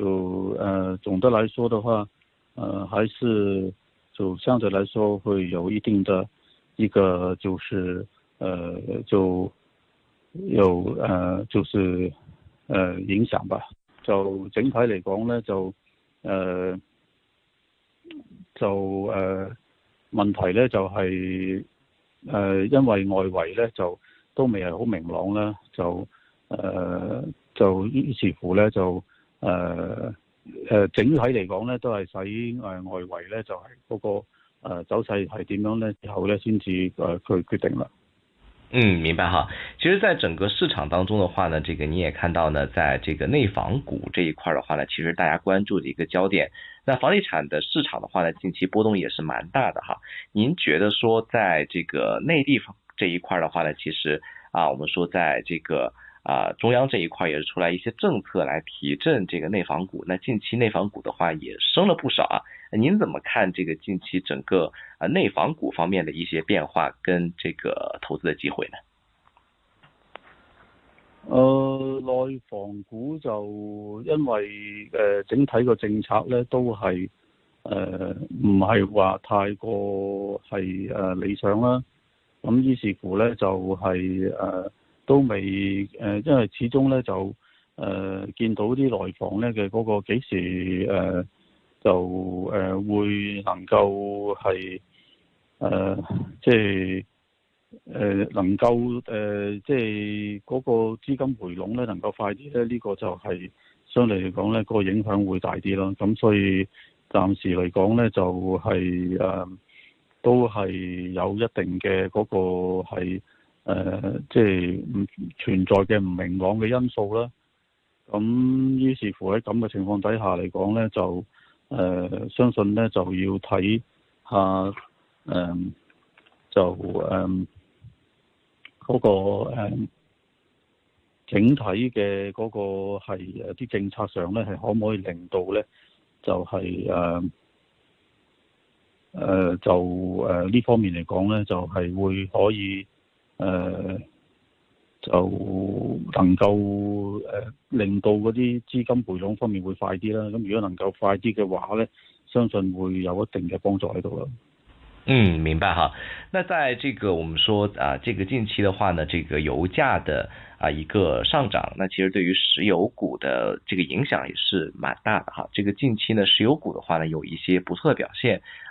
就呃，總的來說的話，呃，還是就相對來說會有一定的一個就是，呃，就有呃，就是呃影響吧。就整體嚟講咧，就，誒、呃，就誒、呃、問題咧就係、是，誒、呃，因為外圍咧就都未係好明朗啦，就，誒，就於是、呃、乎咧就。呃呃整體嚟講呢都係睇誒外圍呢就係嗰個走勢係點樣呢？之後呢，先至去決定啦。嗯，明白哈。其實在整個市場當中的話呢，這個你也看到呢，在這個內房股這一塊的話呢，其實大家關注的一個焦點。那房地產的市場的話呢，近期波動也是蠻大的哈。您覺得說，在這個內地方這一塊的話呢，其實啊，我們說，在這個。啊，中央這一塊也是出來一些政策來提振這個內房股。那近期內房股的話也升了不少啊。您怎麼看這個近期整個啊內房股方面的一些變化跟這個投資的機會呢？呃，內房股就因為誒、呃、整體個政策咧都係誒唔係話太過係誒、呃、理想啦。咁於是乎咧就係、是、誒。呃都未因為始終呢，就誒、呃、見到啲內房呢嘅嗰個幾時誒、呃、就誒、呃、會能夠係、呃、即係、呃、能夠誒、呃、即係嗰、嗰個資金回籠呢，能夠快啲咧，呢、呢個就係、係、相對嚟講呢，嗰、嗰個影響會大啲咯。咁所以暫時嚟講呢，就係、係、誒、呃、都係有一定嘅嗰個係。誒、呃，即係唔存在嘅唔明朗嘅因素啦。咁於是乎喺咁嘅情況底下嚟講呢，就誒、呃，相信呢就要睇下，誒、呃，就誒，嗰、呃嗰個誒、呃、整體嘅嗰個係誒啲政策上呢，係可唔可以令到呢？就係、是、誒，誒、呃，就誒呢、呃呃、方面嚟講呢，就係、是、會可以。誒、呃、就能夠誒、呃、令到嗰啲資金回籠方面會快啲啦，咁如果能夠快啲嘅話咧，相信會有一定嘅幫助喺度啦。嗯，明白哈。那在這個我們說啊，這個近期的話呢，這個油價的啊一個上漲，那其實對於石油股的這個影響也是蠻大的哈。這個近期呢，石油股的話呢，有一些不錯嘅表現。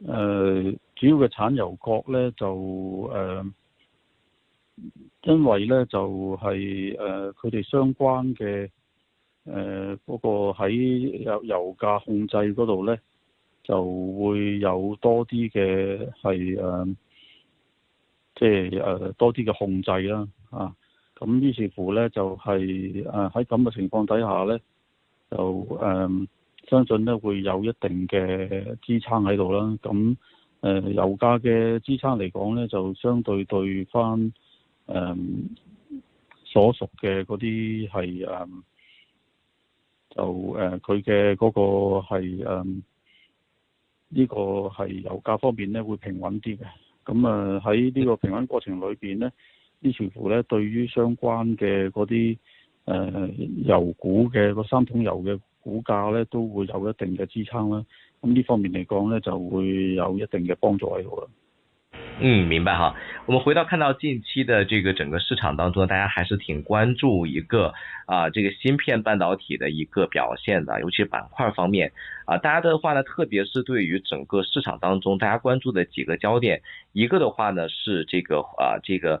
誒、呃，主要嘅產油國咧就誒、呃，因為咧就係、是、誒，佢、呃、哋相關嘅誒嗰個喺油油價控制嗰度咧，就會有多啲嘅係誒，即係誒多啲嘅控制啦，啊，咁於是乎咧就係誒喺咁嘅情況底下咧，就誒、是。呃相信咧會有一定嘅支撐喺度啦，咁誒、呃、油價嘅支撐嚟講咧，就相對對翻誒、嗯、所屬嘅嗰啲係誒，就誒佢嘅嗰個係呢、嗯呢個係油價方面咧會平穩啲嘅，咁啊喺呢個平穩過程裏邊咧，於是乎咧對於相關嘅嗰啲誒油股嘅嗰三桶油嘅。股價咧都會有一定嘅支撐啦，咁呢方面嚟講咧就會有一定嘅幫助喺度啦。嗯，明白哈，我們回到看到近期的這個整個市場當中，大家還是挺關注一個啊，這個芯片半導體的一個表現的，尤其板塊方面啊，大家的話呢，特別是對於整個市場當中大家關注的幾個焦點，一個的話呢是這個啊，這個。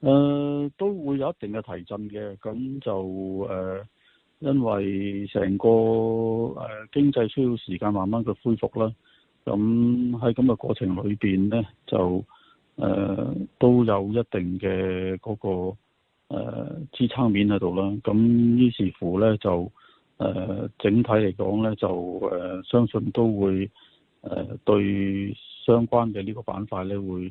誒、呃、都會有一定嘅提振嘅，咁就誒、呃，因為成個誒、呃、經濟需要時間慢慢嘅恢復啦，咁喺咁嘅過程裏面呢，就誒、呃、都有一定嘅嗰、嗰個、呃、支撐面喺度啦，咁於是乎呢，就誒、呃、整體嚟講呢，就誒、呃、相信都會誒、呃、對相關嘅呢個板塊呢會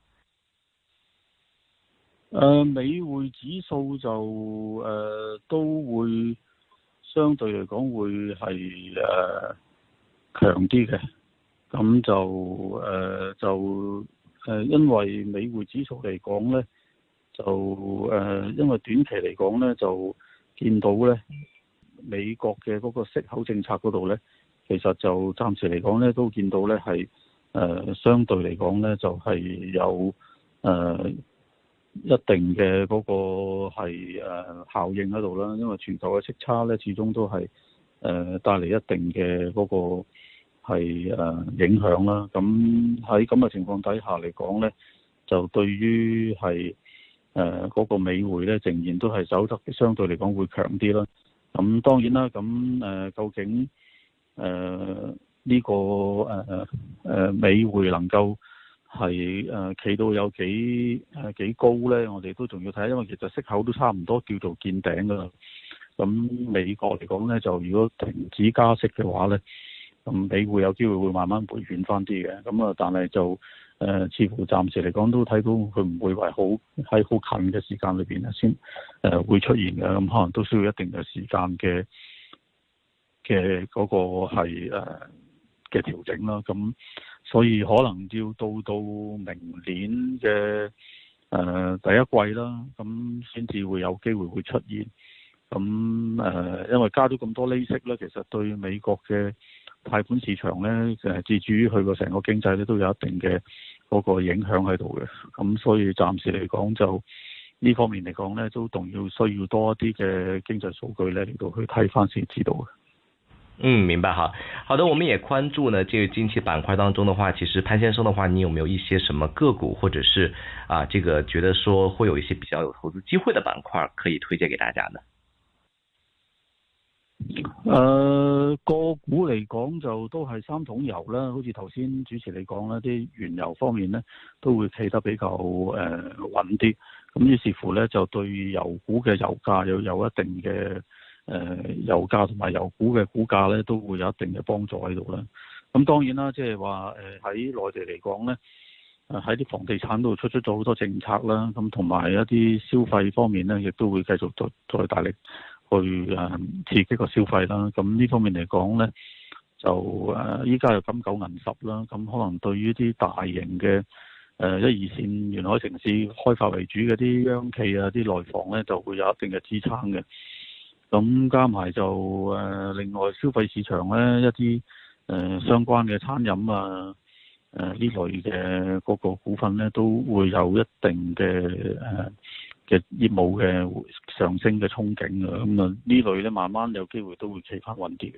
誒美匯指數就誒、呃、都會相對嚟講會係誒、呃、強啲嘅，咁就誒、呃、就、呃、因為美匯指數嚟講咧，就誒、呃、因為短期嚟講咧就見到咧美國嘅嗰個息口政策嗰度咧，其實就暫時嚟講咧都見到咧係、呃、相對嚟講咧就係、係、有誒、呃一定嘅嗰個係、呃、效應喺度啦，因為全球嘅息差咧，始終都係誒、呃、帶嚟一定嘅嗰個係、呃、影響啦。咁喺咁嘅情況底下嚟講咧，就對於係誒嗰個美匯咧，仍然都係走得相對嚟講會強啲啦。咁當然啦，咁誒、呃、究竟誒呢、呃呢個誒誒、呃呃、美匯能夠係誒企到有幾誒、啊、幾高咧？我哋都仲要睇，因為其實息口都差唔多叫做見頂㗎啦。咁美國嚟講咧，就如果停止加息嘅話咧，咁你會有機會會慢慢回軟翻啲嘅。咁啊，但係就誒、呃、似乎暫時嚟講都睇到佢唔會為好喺好近嘅時間裏面咧先誒會出現嘅。咁可能都需要一定嘅時間嘅嘅嗰個係嘅、呃、調整啦。咁。所以可能要到到明年嘅誒第一季啦，咁先至會有機會會出現。咁誒，因為加咗咁多利息咧，其實對美國嘅貸款市場咧誒，至至於佢個成個經濟咧都有一定嘅嗰個影響喺度嘅。咁所以暫時嚟講，就呢方面嚟講咧，都仲要需要多一啲嘅經濟數據咧嚟到去睇翻先知道嘅。嗯，明白哈。好的，我們也關注呢，這個近期板塊當中的話，其實潘先生的話，你有沒有一些什麼個股，或者是啊，這個覺得說會有一些比較有投資機會的板塊，可以推薦給大家呢？呃，個股嚟講就都係三桶油啦，好似頭先主持你講啦，啲原油方面呢，都會企得比較誒、呃、穩啲，咁於是乎呢，就對油股嘅油價又有一定嘅。誒、呃，油價同埋油股嘅股價咧，都會有一定嘅幫助喺度啦。咁當然啦，即係話誒喺內地嚟講咧，喺、呃、啲房地產度出出咗好多政策啦，咁同埋一啲消費方面咧，亦都會繼續再再大力去誒、呃、刺激個消費啦。咁呢方面嚟講咧，就誒依家有金九銀十啦。咁可能對於啲大型嘅誒、呃、一二綫沿海城市開發為主嘅啲央企啊，啲內房咧，就會有一定嘅支撐嘅。咁加埋就誒，另外消費市場咧，一啲誒、呃、相關嘅餐飲啊，誒、呃、呢類嘅嗰個股份咧，都會有一定嘅誒嘅業務嘅上升嘅憧憬啊，咁啊呢類咧慢慢有機會都會企翻穩啲嘅。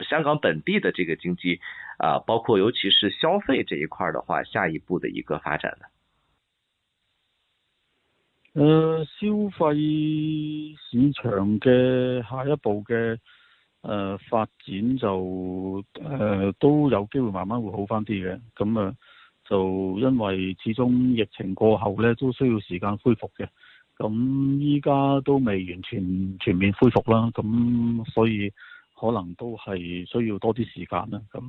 香港本地的這個經濟，啊、呃，包括尤其是消費這一塊的話，下一步的一個發展呢？呃、消費市場嘅下一步嘅誒、呃、發展就、呃、都有機會慢慢會好返啲嘅。咁、嗯、啊、呃，就因為始終疫情過後咧，都需要時間恢復嘅。咁依家都未完全全面恢復啦，咁、嗯、所以。可能都係需要多啲時間啦，咁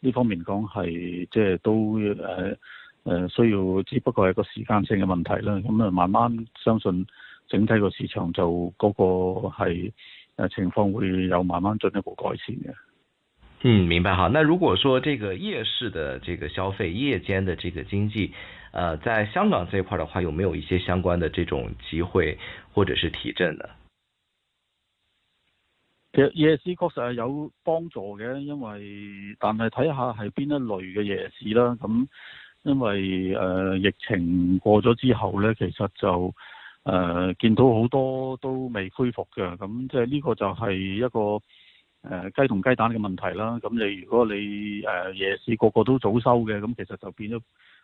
呢方面講係即係都誒誒、呃、需要，只不過係個時間性嘅問題啦。咁啊，慢慢相信整體個市場就嗰、那個係情況會有慢慢進一步改善嘅。嗯，明白哈。那如果說這個夜市的這個消費、夜間的這個經濟，誒、呃，在香港這一塊的話，有沒有一些相關的這種機會或者是提振呢？夜夜市確實係有幫助嘅，因為但係睇下係邊一類嘅夜市啦。咁因為誒、呃、疫情過咗之後呢，其實就誒、呃、見到好多都未恢復嘅。咁即係呢個就係一個誒、呃、雞同雞蛋嘅問題啦。咁你如果你誒、呃、夜市個個都早收嘅，咁其實就變咗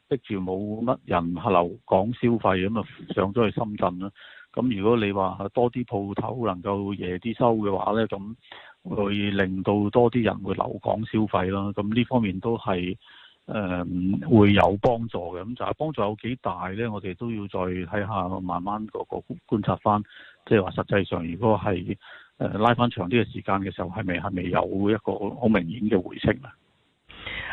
逼住冇乜人客流講消費，咁啊上咗去深圳啦。咁如果你話多啲鋪頭能夠夜啲收嘅話呢，咁會令到多啲人會留港消費啦。咁呢方面都係誒、嗯、會有幫助嘅。咁就係幫助有幾大呢？我哋都要再睇下，慢慢個個觀察翻。即係話實際上，如果係誒、呃、拉翻長啲嘅時間嘅時候，係咪係咪有一個好明顯嘅回升啊？